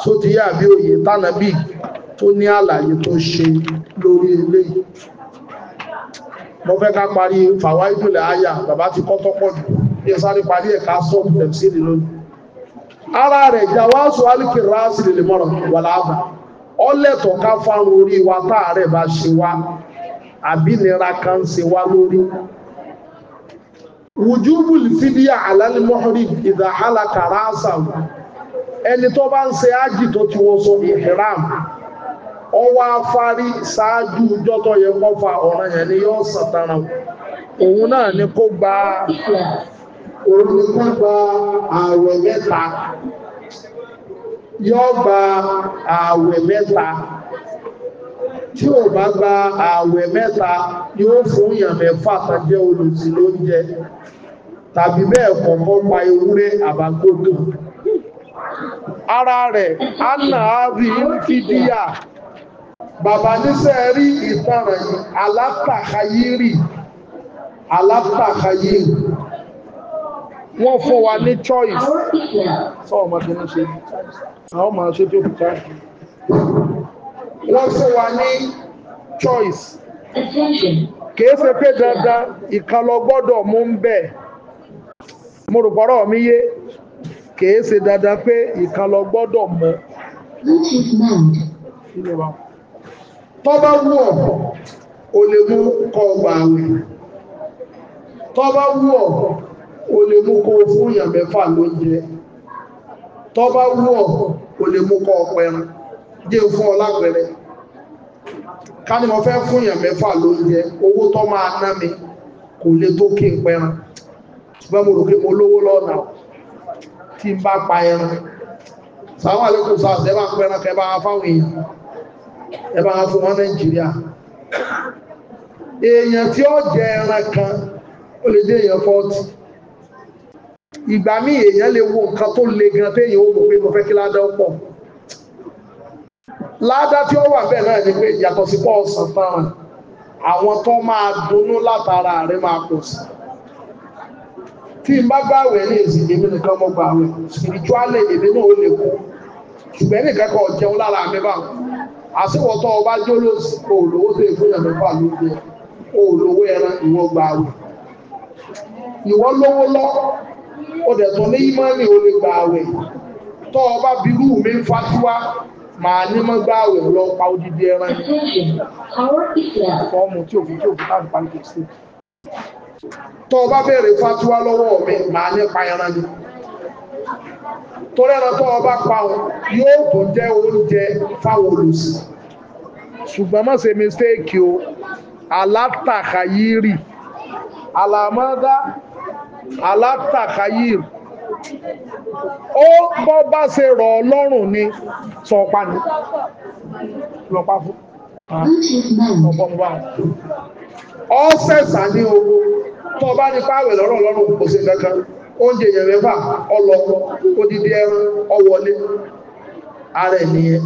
tó ti yá àbí òye tánàbí tó ní àlàyé tó ṣe lórí eléyìí mo fẹ́ ká parí fàwa ìpìlẹ̀ àyà bàbá ti kọ́ tọ́pọ̀ jù bí ẹ sáré parí ẹ̀ka sọ́ọ̀bù tẹ̀síìlì lónìí ara rẹ̀ jàwáṣù alìkìrásì lè mọ̀rọ̀ wà láàbà ọlẹ́tọ̀ ká fáwọn orí wa táàrẹ̀ bá ṣe wá àbínira kan ṣe wá lórí wùjúbùl fídíà alálímọ́rí ìdá alákàrá àsàwù ẹni tó bá ń ṣe ájì tó ti wọ́n so ìhìrám ọwọ́ afárí ṣáájú ọjọ́ tó yẹ kó fa ọ̀ràn ni yóò sàtàrà òun náà ni kó gba òun mẹ́ta tí ò bá gba ààwẹ̀ mẹ́ta yóò fún yàn mẹ́fà tàjẹ́ olùsí lóúnjẹ tàbí bẹ́ẹ̀ kọ̀ọ̀kọ́ pa ewúrẹ́ àbágbódò ara rẹ̀ anna ari fídíà bàbá níṣẹ́ rí ìtanràn alátàkàyírì alátàkàyírì wọ́n fún wa ní choice sọ́ọ̀mọ́ tó ń ṣe àwọn ọmọ ṣe tó kù káàkiri wọ́n fún wà ní choice kìí ṣe pé dandan ìkan lọ mú ń bẹ̀ mo rò bọ́rọ̀ mi yé ṣe dandan pé ìkan mú. o lè mú kọ́ ọgbà tọ́ba wù ọ́ lè mú kọ́ fún lóúnjẹ wù ọ́ o lè mú jẹ́ fún ọ lápẹẹrẹ ká ní mo fẹ́ fún èèyàn mẹ́fà lóúnjẹ owó tó máa ná mi kò lè tó kí n pẹran ṣùgbọ́n mo rò pé mo lówó lọ́nà tí n bá pa ẹran sàwọn àlékún sars ẹ bá ń pẹran kẹ bá wọn fáwọn èèyàn ẹ bá wọn fún wọn nàìjíríà èèyàn tí ó jẹ ẹran kan ó lè dé èèyàn fọ́ọ̀tì ìgbà míì èèyàn lè wo nǹkan tó le gan téèyàn ó mọ̀ pé mo fẹ́ kí ládàá pọ̀ ládá tí ó wà bẹ́ẹ̀ náà ni pé yàtọ̀ sí pọ̀ ọ̀sán tán àwọn tó máa dunnú látara rẹ̀ máa pọ̀ sí tí n bá gbàwẹ̀ ní èsì èmi nìkan mo gbàwẹ̀ spiritually èmi náà ó lè kú ṣùgbọ́n ẹnì kẹ́kọ̀ọ́ jẹun lára mi bá àṣìwọ̀tọ́ ọba jó lóṣù olówó tó èkó yàn mẹ́fà lóde olówó ẹran ìwọ gbàwẹ̀ ìwọ lówó lọ ó dẹ̀ tún ní ìmọ̀ ní olè gbàwẹ̀ tọ́ ọba bírú mi ń fatiwa màá ní mọ́ gbá àwẹ̀ lọ pa odidi ẹran fọ́ọ̀mù tí òfin tí òfin láti parí kò sí. tó o bá béèrè fatuwa lọ́wọ́ mi màá ní pa ẹran ni torí ẹran tó o bá pa o yóò tó jẹ́ oúnjẹ fáwọn olùsìn ṣùgbọ́n má ṣe mistake o alátàkàyírì alamọ́dá alátàkàyírì ó bọ́ bá ṣe rọ̀ ọlọ́rùn ni sọ̀pá ni lọ́pá fún ọ̀sẹ̀ sàní o tó bá ní páwẹ̀ lọ́rùn lọ́rùn kò sí kankan oúnjẹ yẹn mẹ́fà ọlọ odidi ẹran ọwọlé ààrẹ nìyẹn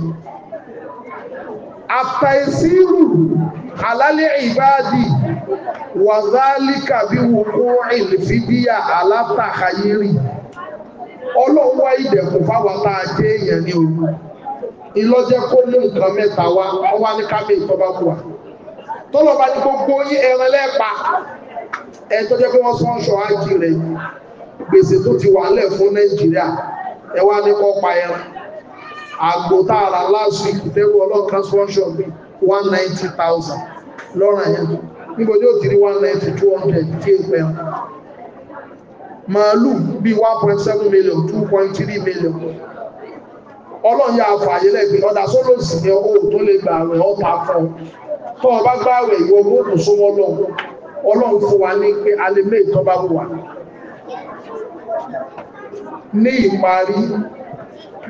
àtàìsírù alálẹ́ ìbáàdì wàzálíkà bí wùkú ìlfídíà alátàkàyérì ọlọ́run wá ìdẹ̀kùn fáwọn tá a jẹ́ èèyàn ní òru ìlọ́jẹ́ kó ní nǹkan mẹ́ta wá ọwá ní kámi ìtọ́ba kù wá tọ́lọ́ bá ní gbogbo yín ẹran lẹ́pa ẹ tó jẹ́ pé wọ́n sọ ọ̀ṣọ́ ájì rẹ̀ gbèsè tó ti wà lẹ̀ fún nàìjíríà ẹ ní kọ́ pa ẹran àgbò tá a rà last week tẹ́wọ́ ọlọ́ọ̀kan sponsor bíi one ninety thousand lọ́ràn yẹn níbo ni ó one ninety two hundred kí èèpẹ̀ ẹran màálù bíi 1.7 million 2.3 million ọlọ́run yà fà yẹ lẹ́gbẹ̀ẹ́ ọ̀dà sọ́lọ́sì ni owó tó lè gbà rẹ̀ ọ̀pá fún tó o bá gbà rẹ̀ ìwọ owó kò sówọ́ lọ́wọ́ ọlọ́run fún wa ní pé a lè méjì tó wù wá. ní ìparí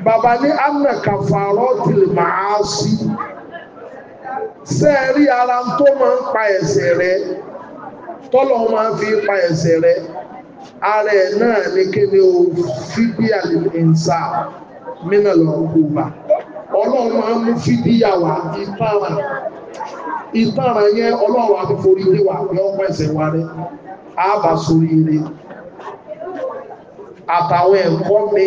bàbá ní anna kàfàrọ́ tìlì màá sí sẹ́ẹ̀rí ara tó máa ń pa ẹ̀ṣẹ̀ rẹ̀ tọ́lọ́ máa fi pa ẹ̀ṣẹ̀ rẹ̀ ara ẹ̀ náà ní kéde o fídíà ìsà mìíràn lọ́kùnbà ọlọ́run máa ń mú fídíà wá ìtara ìtara yẹn ọlọ́run àtúforí lé wà pé ọpọ wa ire atawo ẹ̀kọ́ mi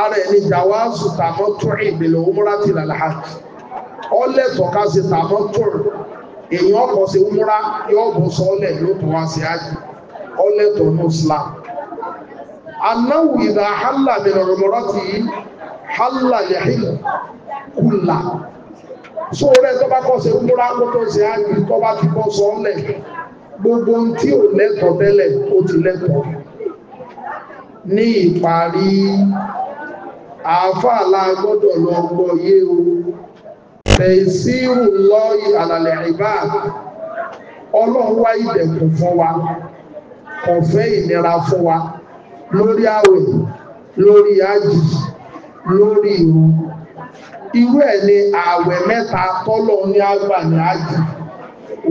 ara ẹ̀ ní jàwá sùtàmọ́ tó ìbìlẹ̀ òmùrátì làlàájì ọlẹ́tọ̀ ká ṣe tàmọ́ tó èèyàn ọkọ̀ ṣe múra yóò bọ̀ sọ́ọ́lẹ̀ yóò tó wá si ájì ọlẹ́tọ̀ ní Islam anáwù ìdá hálà mìíràn rọmọrọ ti hálà yahil kùlà so rẹ tó bá kọ́ ṣe múra kó tó ṣe ágbì tó bá ti kọ́ sọ ọ́lẹ̀ gbogbo tí ò lẹ́tọ̀ tẹ́lẹ̀ ó ti lẹ́tọ̀ ní ìparí àáfàá la lọ gbọ́ yé o tẹ̀síwù lọ́ọ̀yì àlàlẹ̀ ìbá ọlọ́run wá ìdẹ̀kùn fún wa. kò ìnira fún wa lórí àwẹ̀ lórí àjì lórí ìrù irú ẹ̀ ni ààwẹ̀ mẹ́ta tọ́lọ̀ ní àgbà ní àjì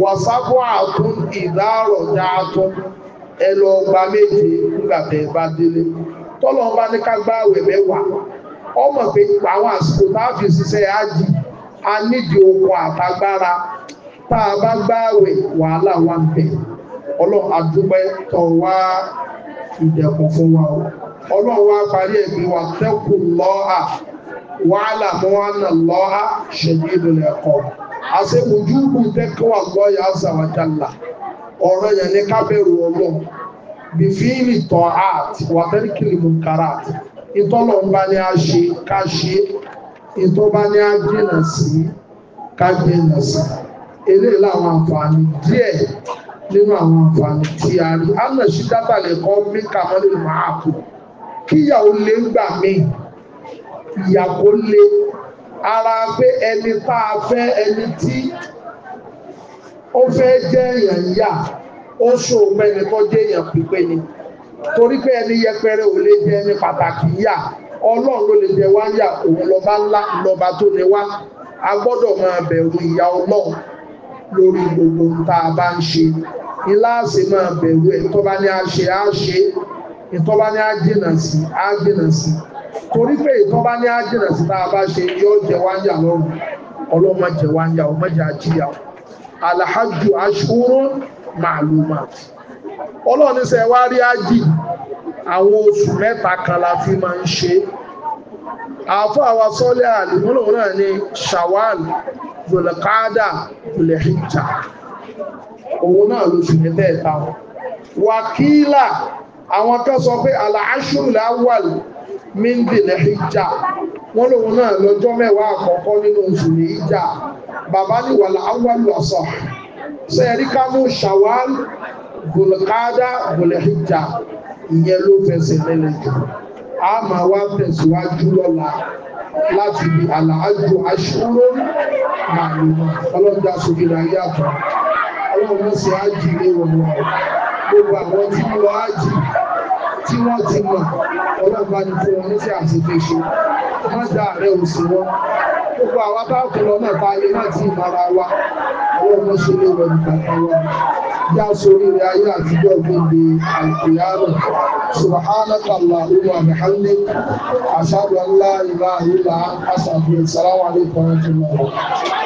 wàsápọ̀ àtún ní àtún ẹ lọ gba méje nígbà bá délé tọ́lọ̀ bá ní ká gba ààwẹ̀ mẹ́wàá ọmọ pé àwọn àsìkò ọlọ́run adúpẹ́ tó wá ìdẹ̀kùn fún wa ọlọ́run wá parí ẹ̀gbẹ́ wa tẹ́kù lọ́ha wàhálà mọ́ ànà lọ́ha ṣẹ̀yìn ìdúnlẹ̀ ẹ̀kọ́ àṣekùjú kù tẹ́kọ̀ọ́ lọ́yà àṣàwájálà ọ̀rọ̀ yẹn ní kábẹ̀rù ọlọ́run bí fíìlì tọ́ art wàtẹ́ríkìlì mùkàrà ìtọ́lọ̀ ń bá ní a ṣe ká ṣe ìtọ́ bá ní a jìnà sí ká jìnà sí eléyìí làwọn àǹfààní díẹ̀ nínú àwọn àǹfààní tí a rí amọ̀ sí dábàlẹ̀ kan mẹ́ka mọ́lẹ̀ máa kù kíyàwó lè gbà mí ìyàwó lè ara pé ẹni tá a fẹ́ ẹni tí ó fẹ́ jẹ́ èèyàn yà ó ṣòwò ẹni tó jẹ́ èèyàn pípé ni torí pé ẹni yẹpẹrẹ ò lè jẹ ẹni pàtàkì yà ọlọ́run ló lè jẹ wá yà òun lọ́ba ńlá lọ́ba tó ní wá a gbọ́dọ̀ máa bẹ̀rù ìyà ọlọ́run lórí gbogbo tá a bá ń ṣe ńlá àṣẹ máa bẹ̀rù ẹ̀ tọ́ba ní àṣẹ àṣẹ ìtọ́ba ní àjìnà sí àjìnà sí torí pé ìtọ́ba ní àjìnà sí tá a bá ṣe yóò jẹ wájà lọ́rùn ọlọ́mọ jẹ wájà ọmọjà àjíyà alhajju ashhurun ma'lumat ọlọ́ọ̀ni sẹ wá rí ájì àwọn oṣù mẹ́ta kan la fi máa ń ṣe àfọ́ àwa sọ́lẹ̀ àlùmọ́nà náà ni shawal zulqada zulhijja òun náà lóṣù mẹ́tẹ̀ẹ̀ta wàkílà àwọn kan sọ pé àlàáṣùlá wà míndìlẹ̀ ìjà wọ́n lòun náà lọ́jọ́ mẹ́wàá àkọ́kọ́ nínú oṣù ní ìjà bàbá ní wàlà áwàlù ọ̀sọ̀ sẹ́ẹ̀rí kámú ṣàwàl gòlùkádà gòlùhìjà ìyẹn ló fẹsẹ̀ lẹ́lẹ̀ jù a máa wá tẹ̀síwájú lọ́la láti bí àlàájú aṣúró màlúmọ̀ ọlọ́jà sókè ráyà ọlọ́run ló ṣe ájì ní òun gbogbo àwọn tí wọ́n lọ ájì tí wọ́n ti mọ̀ ọlọ́run bá ní fún wọn ní sí àṣegbèṣe má dá àárẹ̀ òsì wọn gbogbo àwọn báàkù lọ náà bá lè láti ìmọ̀ra wa ọlọ́run ló ṣe lè wọ̀nyí bàbá wa yá sórí rẹ̀ ayé àtijọ́ gbòǹde àìkúyàrọ̀ subhanaka allahumma wa bihamdik ashhadu an la ilaha illa anta astaghfiruka